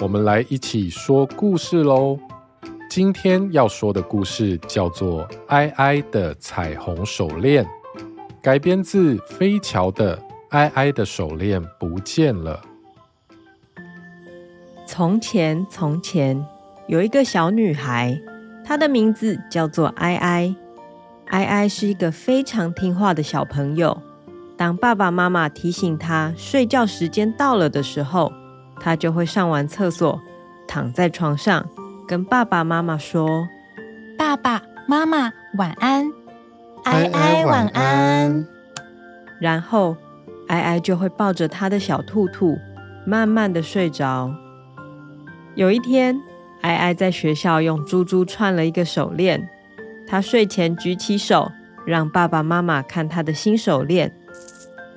我們來一起說故事嘍！今天要說的故事叫做《埃埃的彩虹手鏈》，改編自菲蕎的《埃埃的手鏈不見了》。從前，從前有一個小女孩，她的名字叫做埃埃。埃埃是一個非常聽話的小朋友。當爸爸媽媽提醒她睡覺時間到了的時候，他就會上完廁所，躺在床上跟爸爸媽媽說：“爸爸媽媽晚安，埃埃晚安。”然後埃埃就會抱着他的小兔兔，慢慢的睡着。有一天，埃埃在學校用珠珠串了一個手鏈，他睡前舉起手，讓爸爸媽媽看他的新手鏈。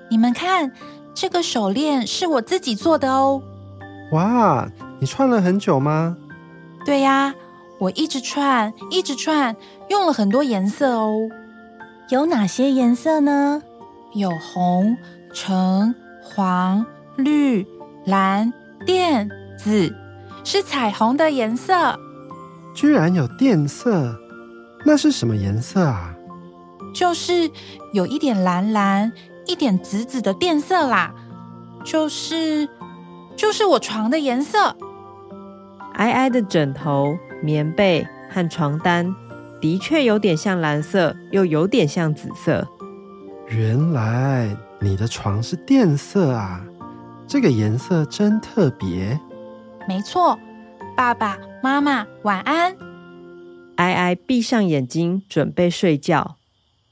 你們看，這個手鏈是我自己做的哦。哇，你串了很久嗎？對呀，啊，我一直串，一直串，用了很多顏色哦。有哪些顏色呢？有紅、橙、黃、綠、藍、靛、紫，是彩虹的顏色。居然有靛色，那是什麼顏色啊？就是有一點藍藍、一點紫紫的靛色啦，就是。就是我床的顏色，埃埃的枕頭、棉被和床單的確有點像藍色，又有點像紫色。原來你的床是靛色啊！這個顏色真特別。沒錯，爸爸媽媽晚安。埃埃閉上眼睛準備睡覺，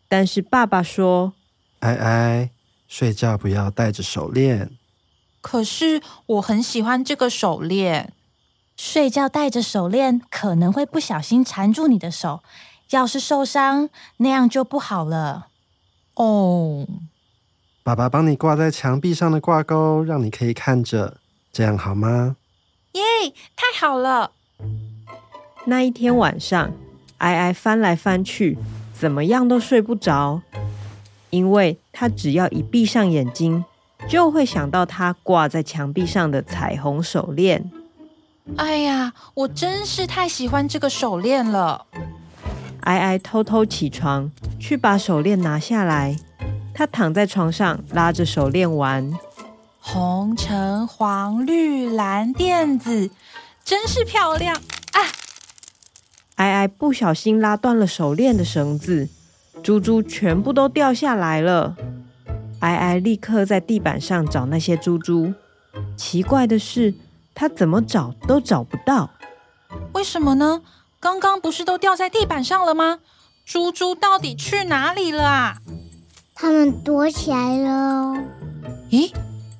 但是爸爸說：“埃埃，睡覺不要戴着手鏈。”可是我很喜歡這個手鏈睡覺戴着手鏈可能會不小心纏住你的手，要是受傷，那樣就不好了。哦，爸爸幫你掛在牆壁上的掛鈎，讓你可以看着，這樣好嗎？耶，yeah, 太好了！那一天晚上，埃埃翻來翻去，怎麼樣都睡不着，因為他只要一閉上眼睛，就會想到他掛在牆壁上的彩虹手鏈。哎呀，我真是太喜歡這個手鏈了！埃埃偷偷起床去把手鏈拿下來。他躺在床上拉着手鏈玩，紅、橙、黃、綠、藍、靛、紫，真是漂亮啊！埃埃不小心拉斷了手鏈的繩子，珠珠全部都掉下來了。埃埃立刻在地板上找那些珠珠。奇怪的是，他怎麼找都找不到，為什麼呢？剛剛不是都掉在地板上了嗎？珠珠到底去哪裡了啊？他們躲起來了。咦，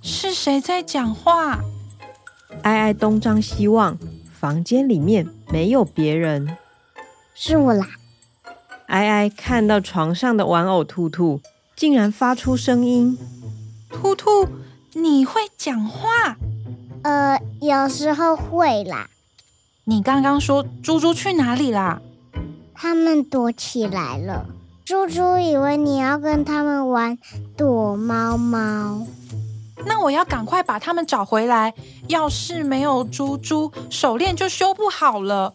是誰在講話？埃埃東張西望，房間裡面沒有別人，是我啦。埃埃看到床上的玩偶兔兔。竟然發出聲音，兔兔，你會講話？呃，有時候會啦。你剛剛說珠珠去哪裡啦？他們躲起來了。珠珠以為你要跟他們玩躲貓貓。那我要趕快把他們找回來。要是沒有珠珠，手鏈就修不好了。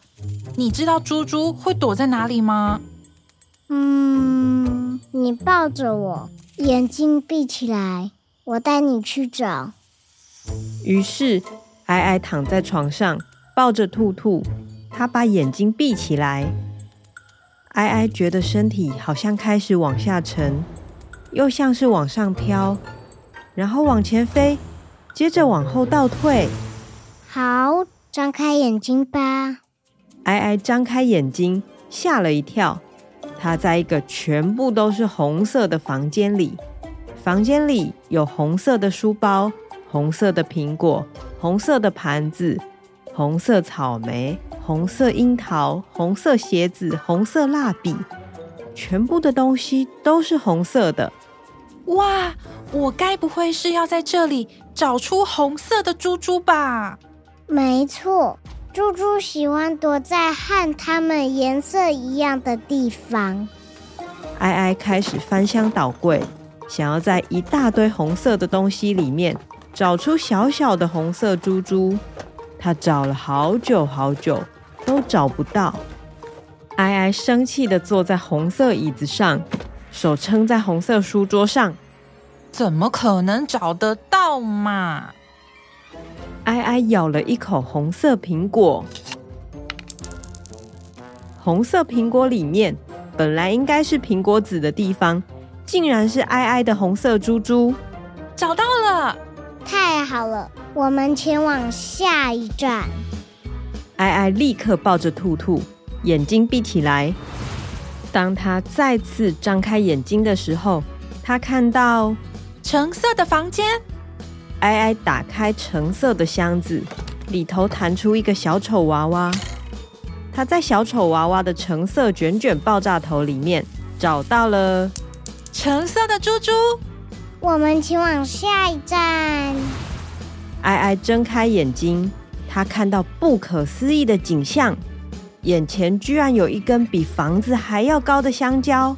你知道珠珠會躲在哪裡嗎？嗯，你抱着我，眼睛閉起來，我帶你去找。於是，埃埃躺在床上，抱着兔兔，她把眼睛閉起來。埃埃覺得身體好像開始往下沉，又像是往上飄，然後往前飛，接着往後倒退。好，張開眼睛吧。埃埃張開眼睛，嚇了一跳。她在一個全部都是紅色的房間裡，房間裡有紅色的書包、紅色的蘋果、紅色的盤子、紅色草莓、紅色櫻桃、紅色鞋子、紅色蠟筆，全部的東西都是紅色的。哇，我該不會是要在這裡找出紅色的珠珠吧？沒錯。珠珠喜歡躲在和它們顏色一樣的地方。埃埃開始翻箱倒櫃，想要在一大堆紅色的東西裡面找出小小的紅色珠珠。他找了好久好久，都找不到。埃埃生氣地坐在紅色椅子上，手撐在紅色書桌上。怎麼可能找得到嘛？埃埃咬了一口紅色蘋果，紅色蘋果裡面本來應該是蘋果籽的地方，竟然是埃埃的紅色珠珠。找到了，太好了！我們前往下一站。埃埃立刻抱着兔兔，眼睛閉起來。當他再次張開眼睛的時候，他看到橙色的房間。埃埃打開橙色的箱子，裡頭彈出一個小丑娃娃。他在小丑娃娃的橙色捲捲爆炸頭裡面找到了橙色的珠珠。我們前往下一站。埃埃睜開眼睛，他看到不可思議的景象：眼前居然有一根比房子還要高的香蕉！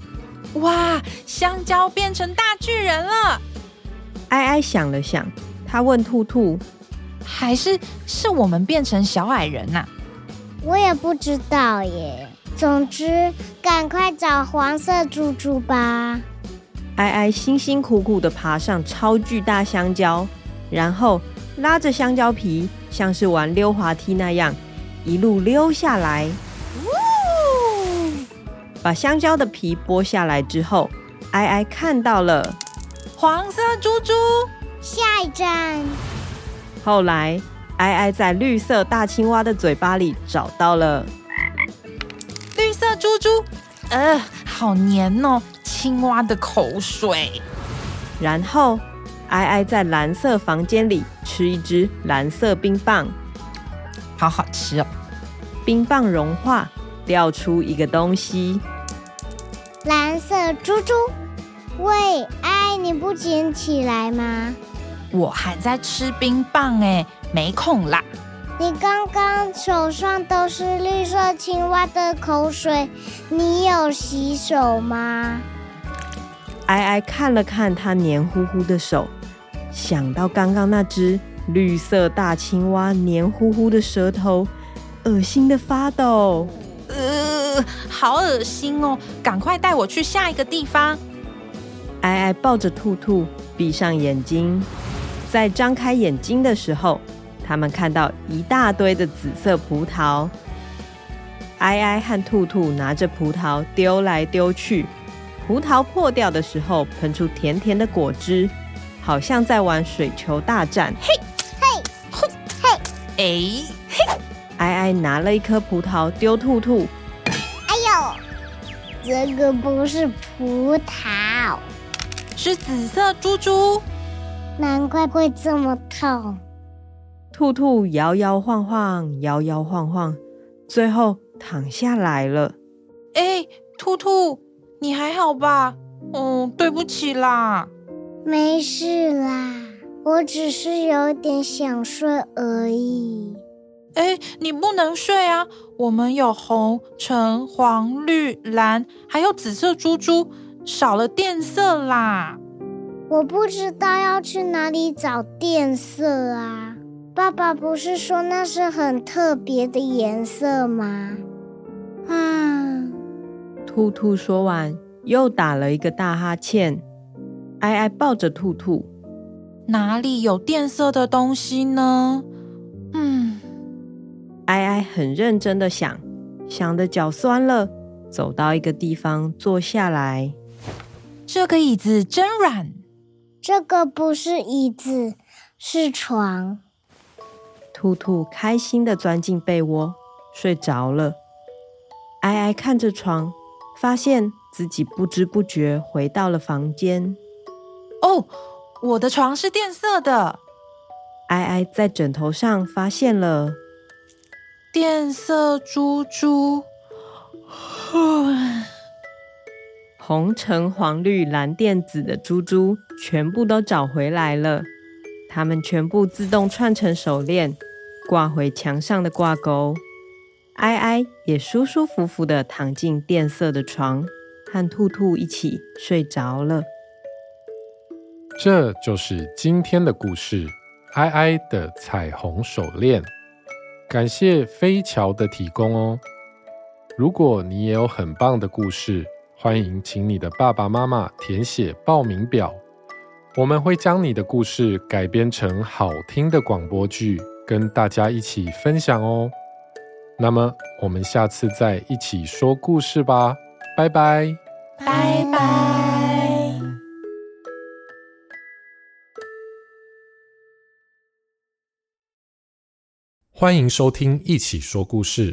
哇，香蕉變成大巨人了！埃埃想了想，她問兔兔：“還是是我們變成小矮人吶、啊？”我也不知道耶。總之，趕快找黃色豬豬吧。埃埃辛辛苦苦的爬上超巨大香蕉，然後拉着香蕉皮，像是玩溜滑梯那樣一路溜下來。哦、把香蕉的皮剝下來之後，埃埃看到了。黃色珠珠，下一站。後來，埃埃在綠色大青蛙的嘴巴裡找到了綠色珠珠，呃，好黏哦，青蛙的口水。然後，埃埃在藍色房間裡吃一只藍色冰棒，好好吃哦！冰棒融化，掉出一個東西，藍色珠珠，喂，埃。你不撿起來嗎？我還在吃冰棒哎，沒空啦。你剛剛手上都是綠色青蛙的口水，你有洗手嗎？埃埃看了看他黏糊糊的手，想到剛剛那隻綠色大青蛙黏糊糊的舌頭，惡心得發抖。呃，好惡心哦！趕快帶我去下一個地方。埃埃抱着兔兔，閉上眼睛。在張開眼睛的時候，他們看到一大堆的紫色葡萄。埃埃和兔兔拿着葡萄丟來丟去，葡萄破掉的時候噴出甜甜的果汁，好像在玩水球大戰。嘿，嘿，嘿，嘿，哎，嘿！埃埃拿了一顆葡萄丟兔兔。哎呦，這個不是葡萄。是紫色珠珠，難怪會這麼痛。兔兔搖搖晃晃，搖搖晃晃，最後躺下來了。哎，兔兔，你還好吧？嗯，對不起啦，沒事啦，我只是有點想睡而已。哎，你不能睡啊，我們有紅、橙、黃、綠、藍，還有紫色珠珠。少了靛色啦，我不知道要去哪裡找靛色啊！爸爸不是說那是很特別的顏色嗎？啊！兔兔說完，又打了一個大哈欠。埃埃抱着兔兔，哪裡有靛色的東西呢？嗯，埃埃很認真的想，想得腳酸了，走到一個地方坐下來。這個椅子真軟，這個不是椅子，是床。兔兔開心地鑽進被窩，睡着了。埃埃看着床，發現自己不知不覺回到了房間。哦，我的床是電色的。埃埃在枕頭上發現了電色珠珠。紅、橙、黃、綠、藍、靛、紫的珠珠全部都找回來了，它們全部自動串成手鏈，掛回牆上的掛鈎。埃埃也舒舒服服的躺進靛色的床，和兔兔一起睡着了。這就是今天的故事，《埃埃的彩虹手鏈》。感謝菲蕎的提供哦。如果你也有很棒的故事，歡迎，請你的爸爸媽媽填寫報名表。我們會將你的故事改編成好聽的廣播劇，跟大家一起分享哦。那麼，我們下次再一起說故事吧。拜拜。拜拜。歡迎收聽《一起說故事》。